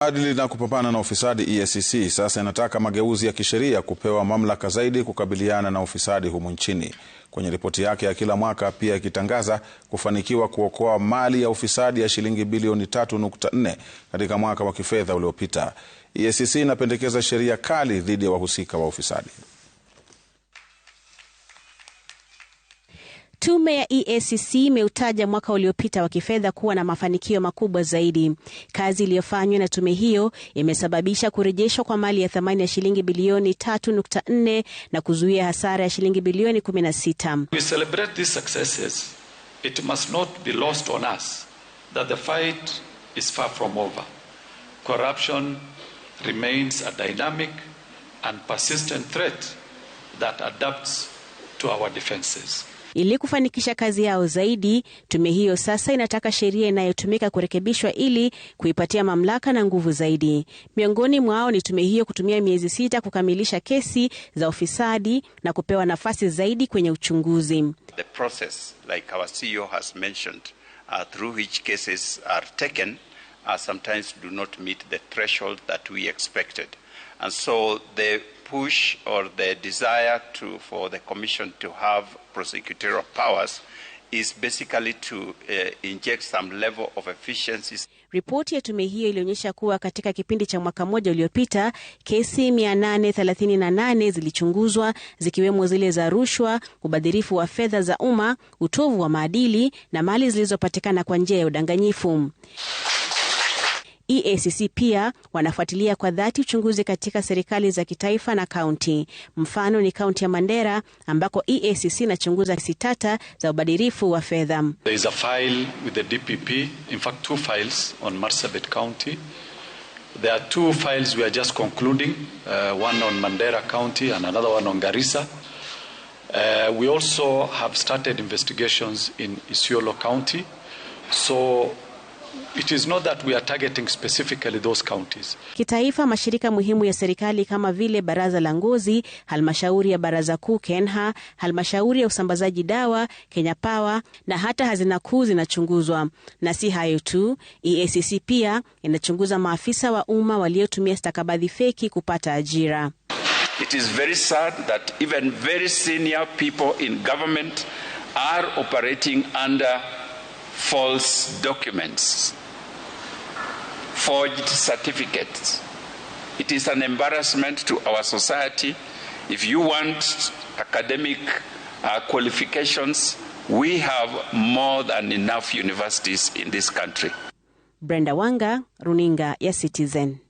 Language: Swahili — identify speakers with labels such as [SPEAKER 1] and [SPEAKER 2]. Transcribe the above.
[SPEAKER 1] adili na kupambana na ufisadi EACC e sasa inataka mageuzi ya kisheria kupewa mamlaka zaidi kukabiliana na ufisadi humu nchini. Kwenye ripoti yake ya kila mwaka pia ikitangaza kufanikiwa kuokoa mali ya ufisadi ya shilingi bilioni 3.4 katika mwaka wa kifedha uliopita. EACC e inapendekeza sheria kali dhidi ya wahusika wa ufisadi.
[SPEAKER 2] Tume ya EACC imeutaja mwaka uliopita wa kifedha kuwa na mafanikio makubwa zaidi. Kazi iliyofanywa na tume hiyo imesababisha kurejeshwa kwa mali ya thamani ya shilingi bilioni 3.4 na kuzuia hasara ya shilingi bilioni 16.
[SPEAKER 3] We celebrate these successes. It must not be lost on us that the fight is far from over. Corruption remains a dynamic and persistent threat that adapts to our defenses.
[SPEAKER 2] Ili kufanikisha kazi yao zaidi, tume hiyo sasa inataka sheria inayotumika kurekebishwa ili kuipatia mamlaka na nguvu zaidi. Miongoni mwao ni tume hiyo kutumia miezi sita kukamilisha kesi za ufisadi na kupewa nafasi zaidi kwenye uchunguzi.
[SPEAKER 4] The process, like our CEO has mentioned, uh, through which cases are taken, uh, sometimes do not meet the threshold that we expected. And so the push or the desire to, for the commission to have prosecutorial powers is basically to uh, inject some level of efficiency.
[SPEAKER 2] Ripoti ya tume hiyo ilionyesha kuwa katika kipindi cha mwaka mmoja uliopita kesi 838 zilichunguzwa zikiwemo zile za rushwa, ubadhirifu wa fedha za umma, utovu wa maadili na mali zilizopatikana kwa njia ya udanganyifu. EACC pia wanafuatilia kwa dhati uchunguzi katika serikali za kitaifa na kaunti. Mfano ni kaunti ya Mandera ambako EACC inachunguza kesi tata za ubadhirifu wa fedha.
[SPEAKER 5] There is a file with the DPP, in fact two files on Marsabit County. There are two files we are just concluding, uh, one on Mandera County and another one on Garissa. Uh, we also have started investigations in Isiolo County. So It is not that we are targeting specifically those counties.
[SPEAKER 2] Kitaifa, mashirika muhimu ya serikali kama vile Baraza la Ngozi, Halmashauri ya Baraza Kuu Kenha, Halmashauri ya Usambazaji Dawa Kenya Power na hata hazina kuu zinachunguzwa. Na si hayo tu, EACC pia inachunguza maafisa wa umma waliotumia stakabadhi feki kupata ajira.
[SPEAKER 4] It is very sad that even very senior people in government are operating under false documents, forged certificates. It is an embarrassment to our society. If you want academic uh, qualifications, we have more than enough universities in this country.
[SPEAKER 2] Brenda Wanga, Runinga ya Citizen.